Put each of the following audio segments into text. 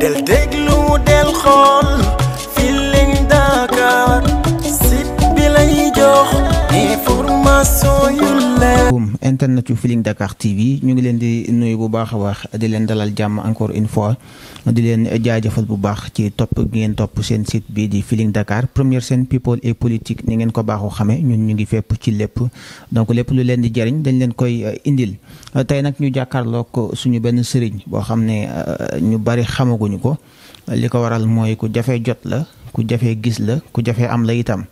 del déglu del xool internet yu Feeling Dakar TV ñu ngi leen di nuyu bu baax a baax di leen dalal jàmm encore une fois di leen jaajëfal bu baax ci topp ngeen topp seen site bi di Feeling Dakar première seen people et politique ni ngeen ko baaxoo xamee ñun ñu ngi fépp ci lépp donc lépp lu leen di jariñ dañ leen koy euh, indil tey nag ñu jàkkaarloog suñu benn sëriñ boo xam ne euh, ñu bari xamaguñu ko li ko waral mooy ku jafe jot la ku jafe gis la ku jafe am la itam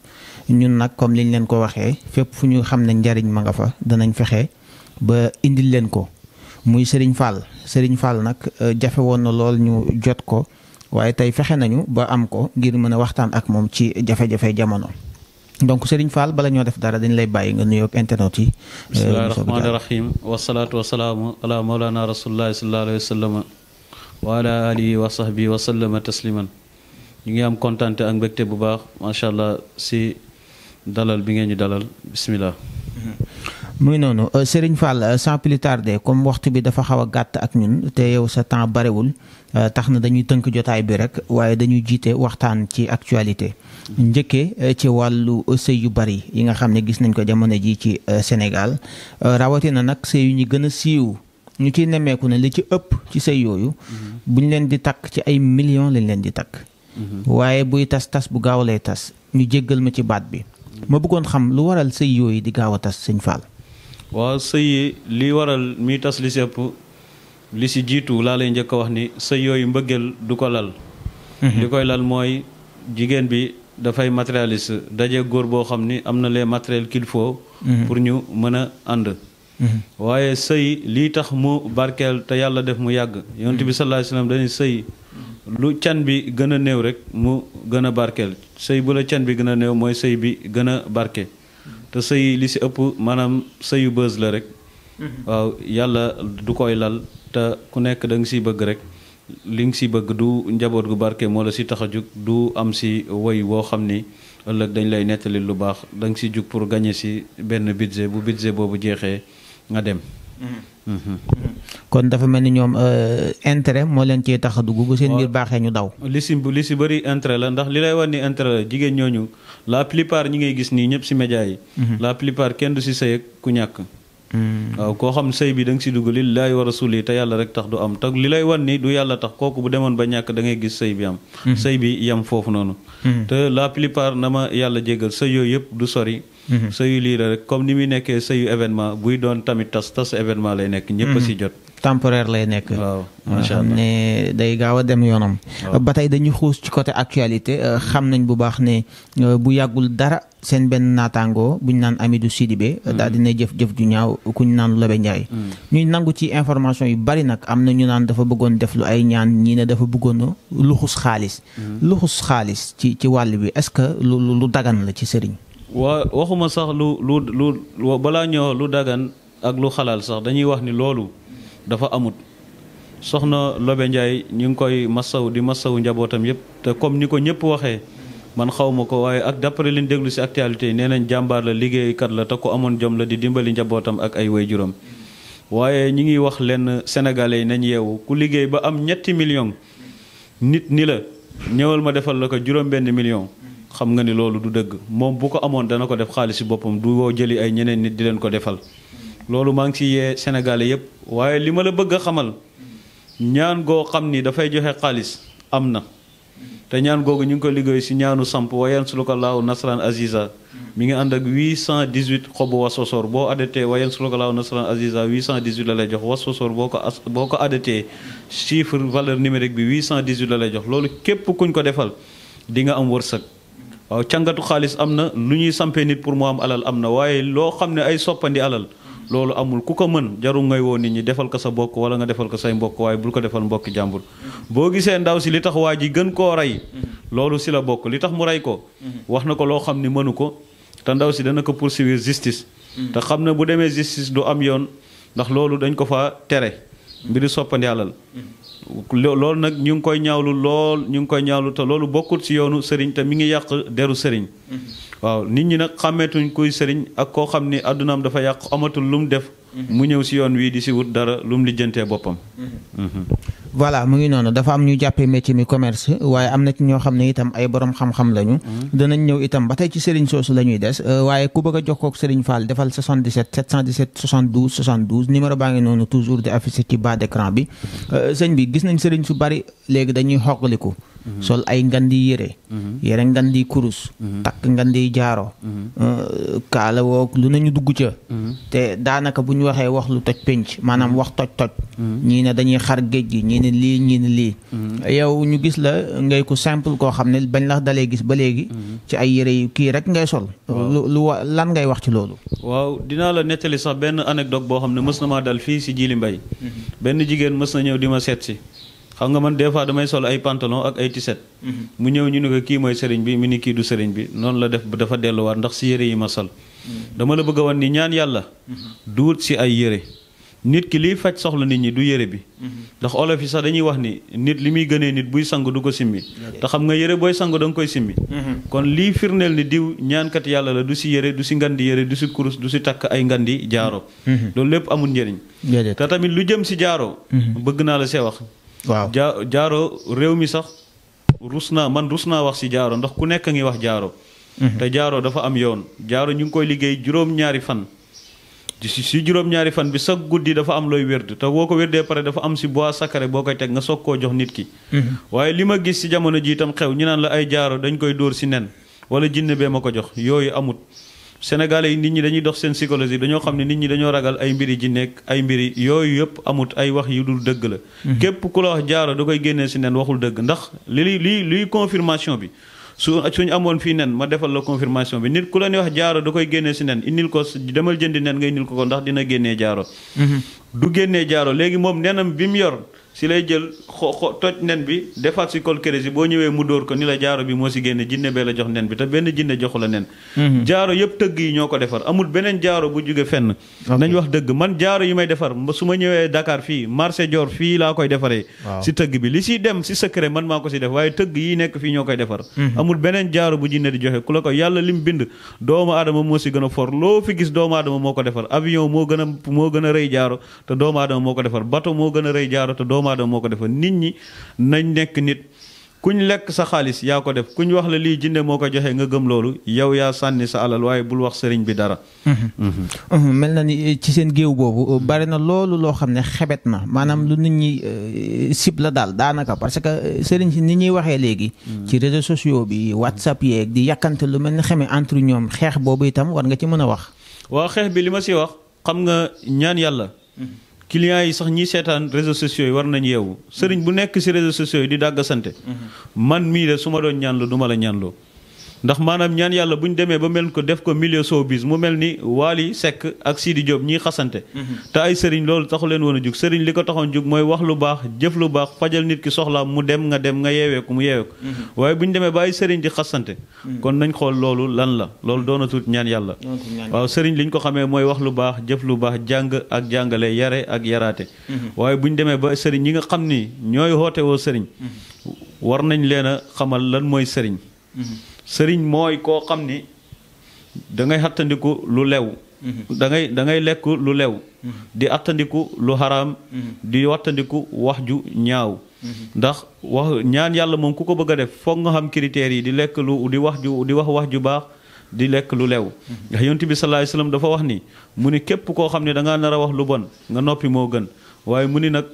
ñun nag comme liñ leen ko waxee fépp fu ñu xam ne njariñ ma nga fa danañ fexe ba indil leen ko muy sëriñ Fall sëriñ Fall nag euh, jafe woon na lool ñu jot ko waaye tey fexe nañu ba am ko ngir mën a waxtaan ak moom ci jafe-jafe jamono. donc Serigne Fall bala ñoo def dara dañ lay bàyyi nga nuyoog internet yi. Euh, bismillahi rahmaani rahim wasalaatu wasalaamu ala mawlana rasulillahi sallallahu alayhi wa sallam wa ala alihi wa sahbihi wa sallama tasliman ñu ngi am kontaan ak mbégte bu baax macha allah si. dalal bi ngeen ñu dalal bisimilah. mu mm-hmm. noonu euh, Serigne Fall euh, sans plus comme waxtu bi dafa xaw a gàtt ak ñun te yow sa temps barewul euh, tax na dañuy tënk jotaay bi rek waaye dañuy jiite waxtaan ci actualité. njëkke ci wàllu sëy yu bari yi nga xam ne gis nañ ko jamono ji ci Sénégal rawatina nag sëy yu ñu gën a siiw ñu ciy nemmeeku na li ci ëpp ci sëy yooyu. Mm-hmm. buñ leen di takk ci ay millions lañ leen di takk. Mm-hmm. waaye buy tas tas bu gaaw lay tas ñu jéggal ma ci baat bi. ma bëggoon xam lu waral sëy yooyu di gaaw a tas sëñ Fall. waa sëy yi li waral mi tas li sëpp li si jiitu laa lay njëkk a wax ni sëy yooyu mbëggeel du ko lal. Mhm. li koy lal mooy jigéen bi dafay matérialiste daje góor boo xam ne am na les matériels qu'il faut. Mhm. pour ñu mën a ànd. Mm-hmm. waaye sëy lii tax mu barkeel te yàlla def mu yàgg yonent bi mm-hmm. sallallahu alayhi wasallam dañuy sëy mm-hmm. lu can bi gën a néew rek mu gën a barkeel sëy bu can bi gën a néew mooy sëy bi gën a barke te sëy li si ëpp maanaam sëyu bës la rek waaw yàlla du koy lal te ku nekk danga nga siy bëgg rek li nga si bëgg du njaboot gu barke moo la si tax a jug du am si woy woo xam ni ëllëg dañ lay nettali lu baax danga nga si jug pour gagner si benn budget bu budget boobu jeexee nga dem. Mm-hmm. Mm-hmm. Mm-hmm. kon dafa mel ni ñoom euh, intérêt moo leen cee tax a dugg bu seen mbir baaxee ñu daw. li si li si bëri intérêt la ndax li lay wan ni intérêt la jigéen ñooñu la plupart ñi ngay gis nii ñëpp si média yi. la plupart kenn du si sëy ku ñàkk. waaw koo xam sëy bi da si dugg li lillahi wa rasuli te yàlla rek tax du am te li lay wan ni du yàlla tax kooku bu demoon ba ñàkk dangay ngay gis sëy bi am. sëy bi yam foofu noonu. te la plupart na ma yàlla jégal Mm-hmm. sëyu lii la rek comme ni muy nekkee sëyu événement buy doon tamit tas tas événement lay nekk ñëpp mm-hmm. si jot temporaire lay nekk ne day gaaw a dem yoonam ba tey dañuy xuus ci côté actualité euh, xam nañ bu baax ne euh, bu yàggul dara seen benn bu ñu naan Amidou Sidibé mm-hmm. daal dina jëf-jëf ju ñaaw ku ñu naan Lobe Ndiaye ñuy nangu ci information yu bari nag am na ñu naan dafa bëggoon def lu ay ñaan ñii ne dafa bëggoon luxus xaalis luxus xaalis ci ci wàll bi est-ce que lu lu dagan la ci sëriñ waa waxuma sax lu lu lu balaa ñëw lu dagan ak lu xalaal sax dañuy wax ni loolu dafa amut soxna Lobe Ndiaye ñu ngi koy massaw di massawu njabootam yëpp te comme ni ko ñëpp waxee man xaw ko waaye ak d'après liñ déglu ci actualité yi nee nañ jàmbaar la liggéeykat la te ko amoon jom la di dimbali njabootam ak ay waajuram waaye ñi ngi wax lenn sénégalais yi nañ yeewu ku liggéey ba am ñetti million nit ni la ñëwal ma defal la ko juróom benn million xam nga ni loolu du dëgg moom bu ko amoon dana ko def xaalis boppam du woo jëli ay ñeneen nit di leen ko defal loolu maa ngi ci yee sénégalais yépp waaye li ma la bëgg a xamal ñaan goo xam ni dafay joxe xaalis am na te ñaan googu ñu ngi ko liggéey ci ñaanu samp wayan suluka laahu nasran aziza mi ngi ànd ak 818 xobu wasosoor boo adatee wayan suluka laahu nasran aziza 818 la lay jox wasosoor boo ko as boo ko adatee chiffre valeur numérique bi 818 la lay jox loolu képp kuñ ko defal di nga am wërsëg waaw càngatu xaalis am na lu ñuy sampee nit pour mu am alal am na waaye loo xam ne ay soppandi alal loolu amul ku ko mën jarul ngay woo nit ñi defal ko sa bokk wala nga defal ko say mbokk waaye bul ko defal mbokki jàmbur boo gisee ndaw si li tax waa ji gën koo rey loolu si la bokk li tax mu rey ko wax na ko loo xam ne mënu ko te ndaw si dana ko poursuivre justice te xam ne bu demee justice du am yoon ndax loolu dañ ko fa tere mbiri soppandi alal loolu nag ñu ngi koy ñaawlu lool ñu ngi koy ñaawlu te loolu bokkul ci yoonu sëriñ te mi ngi yàq deru sëriñ mm-hmm. waaw nit ñi nag xàmmeetuñu kuy sëriñ ak koo xam ni àddunaam dafa yàq amatul lu mu def Mm-hmm. mu ñëw si yoon wii di si wut dara lu mu lijjantee boppam. Mm-hmm. Mm-hmm. voilà mu ngi noonu dafa am ñu jàppee métier mi commerce waaye am na ci ñoo xam ne itam ay borom xam-xam lañu. danañ ñëw itam ba tey ci Serigne soosu la ñuy des euh, waaye ku bëgg a jox koog Serigne Fall defal 77 717 72 72 numéro baa ngi noonu toujours di affiché ci bas d'écran bi euh, sëñ bi gis nañ Serigne su bari léegi dañuy xoqaliku. Mm-hmm. sol ay ngandi yére mm-hmm. yére di kurus mm-hmm. takk di jaaro uh, kaala woo lu nañu dugg ca te daanaka bu ñu waxee wax lu toj pénc maanaam wax toj toj ñii ne dañuy xar géej gi ñii ne lii ñii ne lii yow ñu gis la ngay ku simple koo xam ne bañ la dalee gis ba léegi ci ay yére yu kii rek ngay sol lu lu lan ngay wax ci loolu waaw dinaa la nettali sax benn anecdote boo xam ne mës na maa dal fii si Jili Mbay benn jigéen mës na ñëw di ma seet si xam nga man des fois damay sol ay pantalon ak ay tiset mhm. mu ñëw ñu ne ko kii mooy sëriñ bi mu ni kii du sëriñ bi noonu la def dafa delluwaat ndax si yére yi ma sol mhm. dama la bëgg woon wan ni ñaan yàlla mhm. duut si ay yére nit ki liy faj soxla nit ñi du yére bi ndax olof yi sax dañuy wax ni nit li muy gënee nit buy sangu du ko simmi te xam nga yére booy sang da koy simmi kon lii firndeel ni diw ñaankat yàlla la du si yére du si ngandi yére du si kurus du si takk ay ngandi jaaro loolu lépp amul njëriñ te tamit lu jëm si jaaro bëgg naa la see wax waaw jaa jaaro réew mi sax rus naa man rus naa wax si jaaro ndax ku nekk a ngi wax jaaro. Mhm. te jaaro dafa am yoon jaaro ñu ngi koy liggéey juróom-ñaari fan. si si juróom-ñaari fan bi sax guddi dafa am looy wérd te boo ko wérdee pare dafa am si bois sacré boo koy teg nga soog koo jox nit ki. Mhm. waaye li ma gis si jamono ji itam xew ñu naan la ay jaaro dañu koy dóor si nen wala jinne bee ma ko jox yooyu amut. sénégalais yi nit ñi dañuy dox seen psychologie dañoo xam ne nit ñi dañoo ragal ay mbiri ji nekk ay mbiri yooyu yëpp amut ay wax yu dul dëgg la mhm. képp ku la wax jaaro da koy génnee si nen waxul dëgg ndax li li li confirmation bi su suñu amoon fii nen ma defal la confirmation bi nit ku la wax jaaro da koy génnee si nen indil ko demal jëndi nen nga indil ko ko ndax dina génnee jaaro mhm. du génnee jaaro léegi moom nenam bi mu yor si lay jël xo xo toj nen bi defaat si kolkere si boo ñëwee mu dóor ko ni la jaaro bi moo si génne jinne bee la jox nen bi te benn jinne joxu la nen mhm. jaaro yëpp tëgg yi ñoo ko defar amul beneen jaaro bu jóge fenn nañ wax dëgg man jaaro yi may defar su ma ñëwee Dakar fii marché Dior fii laa koy defaree si tëgg bi li si dem si secret man maa ko si def waaye tëgg yi nekk fii ñoo koy defar mhm. amul jaaro bu jinne di joxe ku la ko yàlla lim bind doomu aadama moo si gën a for loo fi gis doomu aadama moo ko defar avion moo gën moo gën a rëy jaaro te doomu aadama moo ko defar bateau moo gën a rëy jaaro te doomu doomu aadama moo ko defoon nit ñi nañ nekk nit kuñ lekk sa xaalis yaa ko def kuñ wax la lii jinde moo ko joxe nga gëm loolu yow yaa sànni sa alal waaye bul wax sëriñ bi dara. Mm-hmm. Mm-hmm. mel na ni eh, ci seen géew boobu eh, bari na loolu loo xam ne xebet na maanaam lu nit ñi eh, sib la daal daanaka parce que sëriñ si ni ñuy waxee léegi. Mm-hmm. ci réseaux sociaux bi whatsapp yeeg di yàkkante lu mel ni xeme entre ñoom xeex boobu itam war nga ci mën a wax. waaw xeex bi li ma si wax xam nga ñaan yàlla. clients yi sax ñi seetaan réseaux sociaux yi war nañu yeewu sëriñ bu nekk si réseaux sociaux yi di dàgg sante mhm. man mii de su ma doon ñaanlu du ma la ñaanloo ndax maanaam ñaan yàlla bu ñu demee ba mel ko def ko milieu showbiz mu mel ni Waly Seck ak Sidi Diop ñiy xasante mhm. te ay sëriñ loolu taxu leen woon a jug sëriñ li ko taxoon jug mooy wax lu baax jëf lu baax fajal nit ki soxlaa mu dem nga dem nga yeeweeku mu yeeweeku mhm. waaye bu ñu demee ba ay sëriñ di xasante mhm. kon nañ xool loolu lan la loolu doona ñaan yàlla waaw sëriñ li ñu ko xamee mooy wax lu baax jëf lu baax jàng ak jàngale yare ak yaraate waaye bu ñu demee ba sëriñ ñi nga xam ni ñooy hoote woo sëriñ war nañ leen a xamal lan mooy sëriñ sëriñ mooy koo xam ni dangay àttandiku lu lew dangay mm-hmm. dangay da lekk lu lew mm-hmm. di attandiku lu xaraam mm-hmm. di wattandiku wax ju ñaaw ndax wax ñaan yàlla moom ku ko bëgg a def foog nga xam critères yi di lekk lu di wax ju di wax wax ju baax di lekk lu lew ndax yonent bi sallallahu alayhi wasallam dafa wax ni mu ni képp koo xam ne da ngaa nar a wax lu bon nga noppi moo gën waaye mu ni nag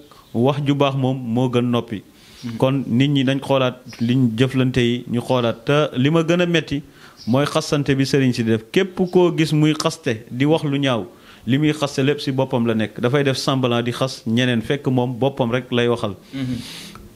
wax ju baax moom moo gën noppi Mm-hmm. kon nit ñi dañ xoolaat liñ jëflante yi ñu xoolaat te li ma gën a métti mooy xastante bi sëriñ si def képp koo gis muy xaste di wax lu ñaaw li muy xaste lépp si boppam la nekk dafay def semblant di xas ñeneen fekk moom boppam rek lay waxal mm-hmm.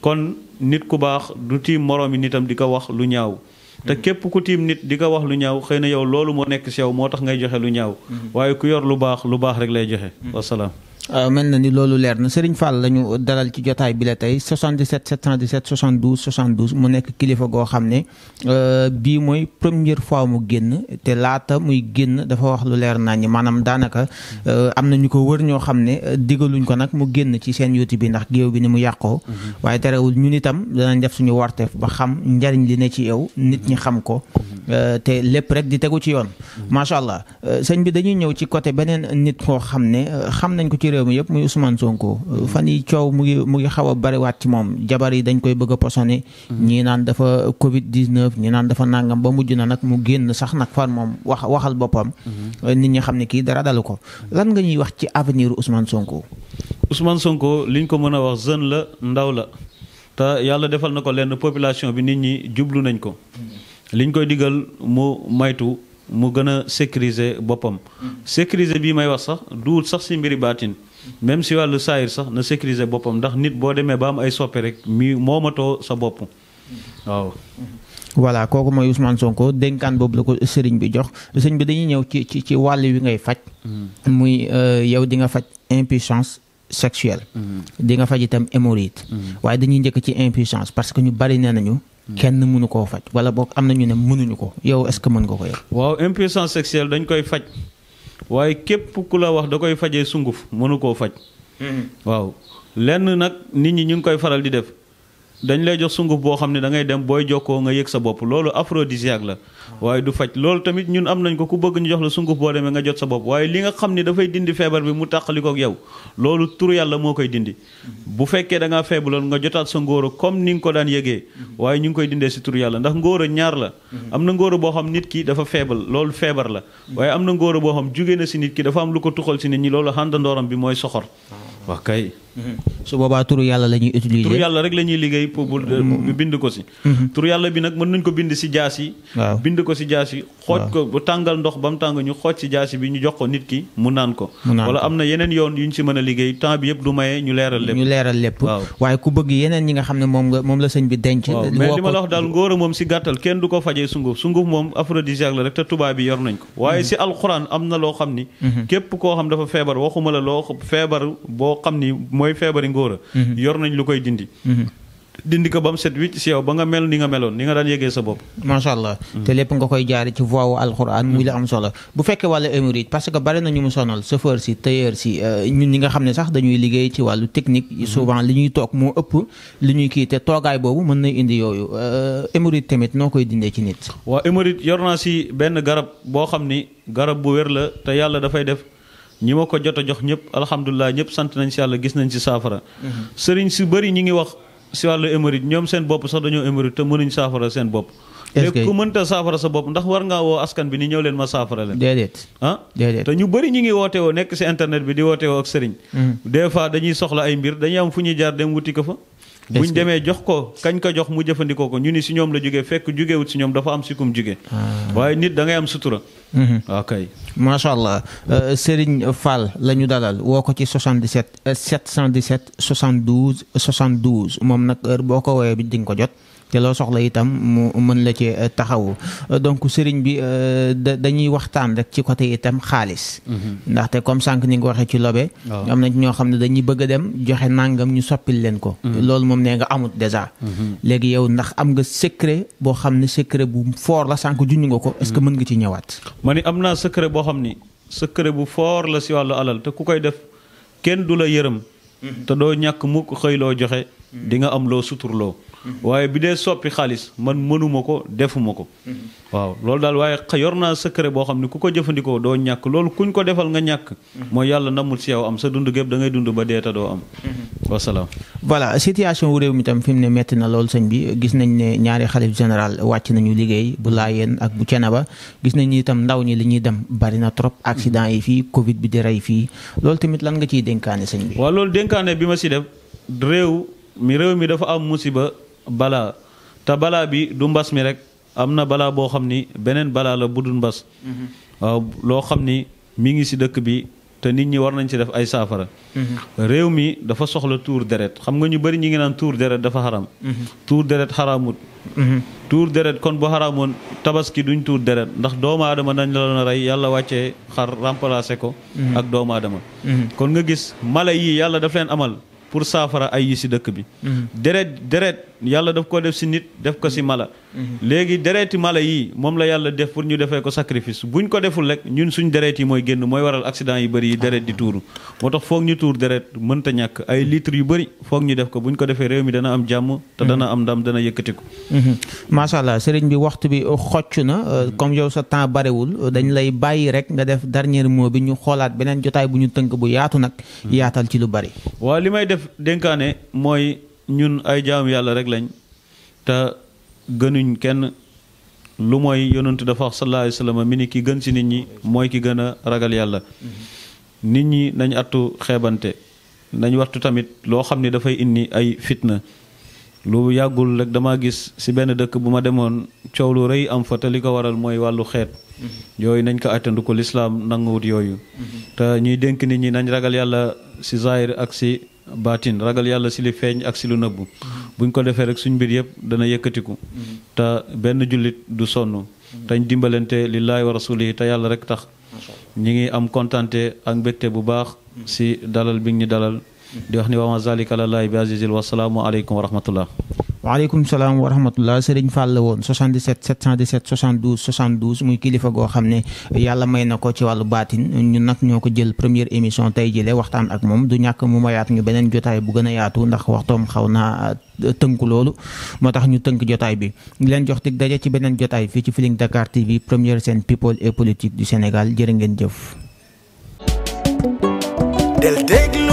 kon nit ku baax du tiim moroomi nitam di ko wax lu ñaaw te mm-hmm. képp ku tiim nit di ko wax lu ñaaw xëy na yow loolu moo nekk si yow moo tax ngay joxe lu ñaaw waaye ku yor lu baax lu baax rek lay joxe wasalaam Euh, mel na ni loolu leer na Serigne Fall lañu dalal ci jotaay bi la tey 77 717 72 72 mu nekk kilifa goo xam ne euh, bii mooy première fois mu génn te laata muy génn dafa wax lu leer naa ñi maanaam daanaka euh, am na ñu ko wër ñoo xam ne digaluñ ko nag mu génn ci seen YouTube bi ndax géew bi ni mu yàqoo. Mhm. waaye terewul ñun itam danañ def suñu warteef ba xam njariñ li ne ci yow nit ñi xam ko. Euh, te lépp rek di tegu ci yoon. Mm-hmm. macha allah euh, sëñ bi dañuy ñëw ci côté beneen nit koo xam ne euh, xam nañ ko ci réew mi yëpp muy Ousmane Sonko. Mm-hmm. fan yi coow mu ngi mu ngi xaw a bariwaat ci moom jabar yi dañ koy bëgg a posone. Mm-hmm. ñii naan dafa Covid 19 ñii naan dafa nàngam ba mujj na nag mu génn sax nag fan moom wax waxal boppam. nit ñi xam ne kii dara dalu ko lan nga ñuy wax ci avenir Ousmane Sonko. Ousmane Sonko liñ ko mën a wax jeune la ndaw la te yàlla defal na ko lenn population bi nit ñi jublu nañ ko. liñ koy diggal mu moytu mu gën a sécuriser boppam. sécuriser bii may wax sax duul sax si mbiri baatin même si wàllu saayir sax na sécuriser boppam ndax nit boo demee ba am ay soppe rek mi moomatoo sa bopp waaw. voilà kooku mooy Ousmane Sonko dénkaan boobu la ko sëriñ bi jox sëriñ bi dañuy ñëw ci ci ci wàll wi ngay faj. Hmm. muy euh, yow di nga faj impuissance sexuelle. Hmm. di nga faj itam hémorroïde. Hmm. waaye dañuy njëkk ci impuissance parce que ñu bari nee nañu. kenn mënu koo faj wala boog am na ñu ne mënuñu ko yow est-ce que mën ko yow. waaw impuissance sexuelle dañ koy faj waaye képp ku la wax da koy fajee sunguf mënu koo faj. Hmm. waaw lenn nag nit ñi ñu ngi koy faral di def dañu lay jox sunguf boo xam ne da ngay dem booy jokkoo nga yëg sa bopp loolu aphrodisiaque la waaye du faj loolu tamit ñun am nañ ko ku bëgg ñu jox la sunguf boo demee nga jot sa bopp waaye li nga xam ne dafay dindi feebar bi mu tàqali ko yow loolu tur yàlla moo koy dindi bu fekkee da ngaa feebuloon nga jotaat sa ngóoro comme ni nga ko daan yëgee waaye ñu ngi koy dindee si tur yàlla ndax ngóoro ñaar la am na ngóoro boo xam nit ki dafa loolu feebar la waaye am na ngóoro boo xam jugee na si nit ki dafa am lu ko tuxal si nit ñi loolu xàndandooram bi mooy soxor waa kay su boobaa turu yàlla la ñuy utiliser. turu yàlla rek la ñuy liggéey pour mm-hmm. bind ko si. Mm-hmm. turu yàlla bi nag mën nañ ko bind si jaas yi. waaw bind ko si jaas yi. xooj ko bu tàngal ndox ba tàng ñu xooj si jaas bi ñu jox ko nit ki mu naan ko. wala am na yeneen yoon yu ñu si mën a liggéey temps bi du maye ñu leeral lépp. waaye ku bëgg yeneen ñi nga xam ne moom la sëñ bi denc. mais li ma la wax daal ngóora moom si gàttal kenn du ko fajee sunguf sunguf moom aphrodisiaque la rek te tubaab bi yor nañ ko. Mm-hmm. waaye si mooy feebari ngóora mhm. yor nañ lu koy dindi mhm. dindi ko ba mu set wicc si yow ba nga mel ni nga meloon ni nga daan yëgee sa bopp macha allah mhm. te lépp nga koy jaare ci voie wu muy la am solo bu fekkee wàllu émérite parce que bari na ñu mu sonal chauffeur si tailleur si euh, ñun ñi nga xam ne sax dañuy liggéey ci wàllu technique souvent li ñuy toog moo ëpp li ñuy kii te toogaay boobu mën na indi yooyu euh, émérite tamit noo koy dindee ci nit waaw émérite yor naa si benn boo xam ni garab bu wér la te yàlla dafay ñi ma ko jot a jox ñëpp alhamdulilah ñëpp sant nañ si yàlla gis nañ si saafara. sëriñ si bëri ñi ngi wax si wàllu émérite ñoom seen bopp sax dañoo émérite te mënuñ saafara seen bopp. est ku saafara sa bopp ndax war ngaa woo askan bi ni ñëw leen ma saafara leen. déedéet ah déedéet te ñu bëri ñi ngi woote woo nekk si internet bi di woote woo ak sëriñ. Mm-hmm. des dañuy soxla ay mbir dañuy am fu ñuy jaar dem wuti ko fa. bu ñu demee jox ko kañ ko jox mu jëfandikoo ko ñu ni si ñoom la jógee fekk jógewut si ñoom dafa am si kum ah. waaye nit da ngay am sutura. waaw mm-hmm. ah, kay macha allah euh, Serigne Fall la ñu dalal woo ko ci 77 717 72 72 moom nag heure boo ko woowee bi di nga ko jot. te loo soxla itam mu mën la ci eh, taxawu eh, donc sëriñ bi eh, dañuy waxtaan rek ci côté itam xaalis mm-hmm. ndaxte comme sànq ni nga waxee ci lobe am na ñoo xam ne dañuy bëgg a dem joxe nàngam ñu soppil leen ko mm-hmm. loolu moom nee nga amut déjà mm-hmm. léegi yow ndax am nga secret boo xam ne secret bu foor la sànq junj nga ko est que mën nga ci ñëwaat ma ni am naa secret boo xam ni secret bu foor la si wàllu alal te ku koy def kenn du la yërëm te doo ñàkk mukk xëy joxe di nga am loo suturloo. waaye bi dee soppi xaalis man mënuma ko defuma ko. waaw loolu daal waaye yor naa secret boo xam ne ku ko jëfandikoo doo ñàkk loolu kuñ ko defal nga ñàkk. mooy yàlla namul si yow am sa dund gépp da ngay dund ba deeta doo am. wasalaam. voilà situation wu réew mi tam fi mu ne metti na lool sëñ bi gis nañ ne ñaari xalif général wàcc nañu liggéey bu laayeen ak bu ceneba gis nañ ni itam ndaw ñi li ñuy dem bari na trop accident yi fii Covid bi di fii loolu tamit lan nga ciy dénkaane sëñ mi réew mi dafa am musiba balaa te balaa bi du mbas mi rek am na balaa boo xam ni beneen balaa la bu dul mbas mhm. waaw loo xam ni mi ngi ci dëkk bi te nit ñi war nañ ci def ay saafara mhm. réew mi dafa soxla tuur deret xam nga ñu bari ñi ngi naan tuur deret dafa xaram mhm. tuur deret xaraamut tuur deret kon bu xaraamoon tabaski duñ tuur deret ndax doomaadama aadama dañ la doon rey yàlla wàccee xar remplacé ko ak doomu kon nga gis mala yi yàlla daf leen amal pour saafara ay yi si dëkk bi. Mm-hmm. deret deret yàlla daf koo def si nit def ko si mala mm-hmm. léegi dereeti mala yi moom la yàlla def pour ñu defee ko bu buñ ko deful rek ñun suñ dereet yi mooy génn mooy waral accident yu bëri yi dereet di tuuru moo tax foog ñu tuur dereet mënta ñàkk ay litres yu bari foog ñu def ko bu buñ ko defee réew mi dana am jàmm te dana mm-hmm. am ndam dana yëkkatiku mm-hmm. macha allah sëriñ bi waxtu bi xocc na euh, comme yow sa temps barewul euh, dañ lay bàyyi rek nga def dernier moo bi ñu xoolaat beneen jotaay bu ñu tënk bu yaatu nag yaatal ci lu bari ñun ay jaamu yàlla rek lañ te gënuñ kenn lu mooy yonentu dafa wax sallallahu alayhi mi ni ki gën ci nit ñi mooy ki gën a ragal yàlla nit ñi nañ attu xeebante nañ waxtu tamit loo xam ni dafay indi ay fitna lu yàggul rek damaa gis ci benn dëkk bu ma demoon coow lu rëy am fa te li ko waral mooy wàllu xeet yooyu nañ ko attandu ko lislaam nanguwut yooyu mhm. te ñuy dénk nit ñi nañ ragal yàlla ci zahir ak ci baatin ragal yàlla si li feeñ ak si lu nëbbu buñ ko defee rek suñu mbir yëpp dana yëkkatiku te benn jullit du sonn teñ dimbalante lillahi wa rasulihi te yàlla rek tax ñi ngi am kontante ak mbégte bu baax si dalal bi ñu dalal di wax ni wa ma zalika lallaahi bi azizil wasalaamu aleykum wa rahmatullah waaleykum salaam wa rahmatullah Serigne Fall la woon 77 717 72 72 muy kilifa goo xam ne yàlla may na ko ci wàllu baatin ñun nag ñoo ko jël première émission tey jëlee waxtaan ak moom du ñàkk mu mayaat ñu beneen jotaay bu gën a yaatu ndax waxtoom xaw naa euh, tënk loolu moo tax ñu tënk jotaay bi leen jox dig daje ci beneen jotaay fii ci Feeling Dakar TV première scène people et politique du Sénégal jërë ngeen jëf. del déglu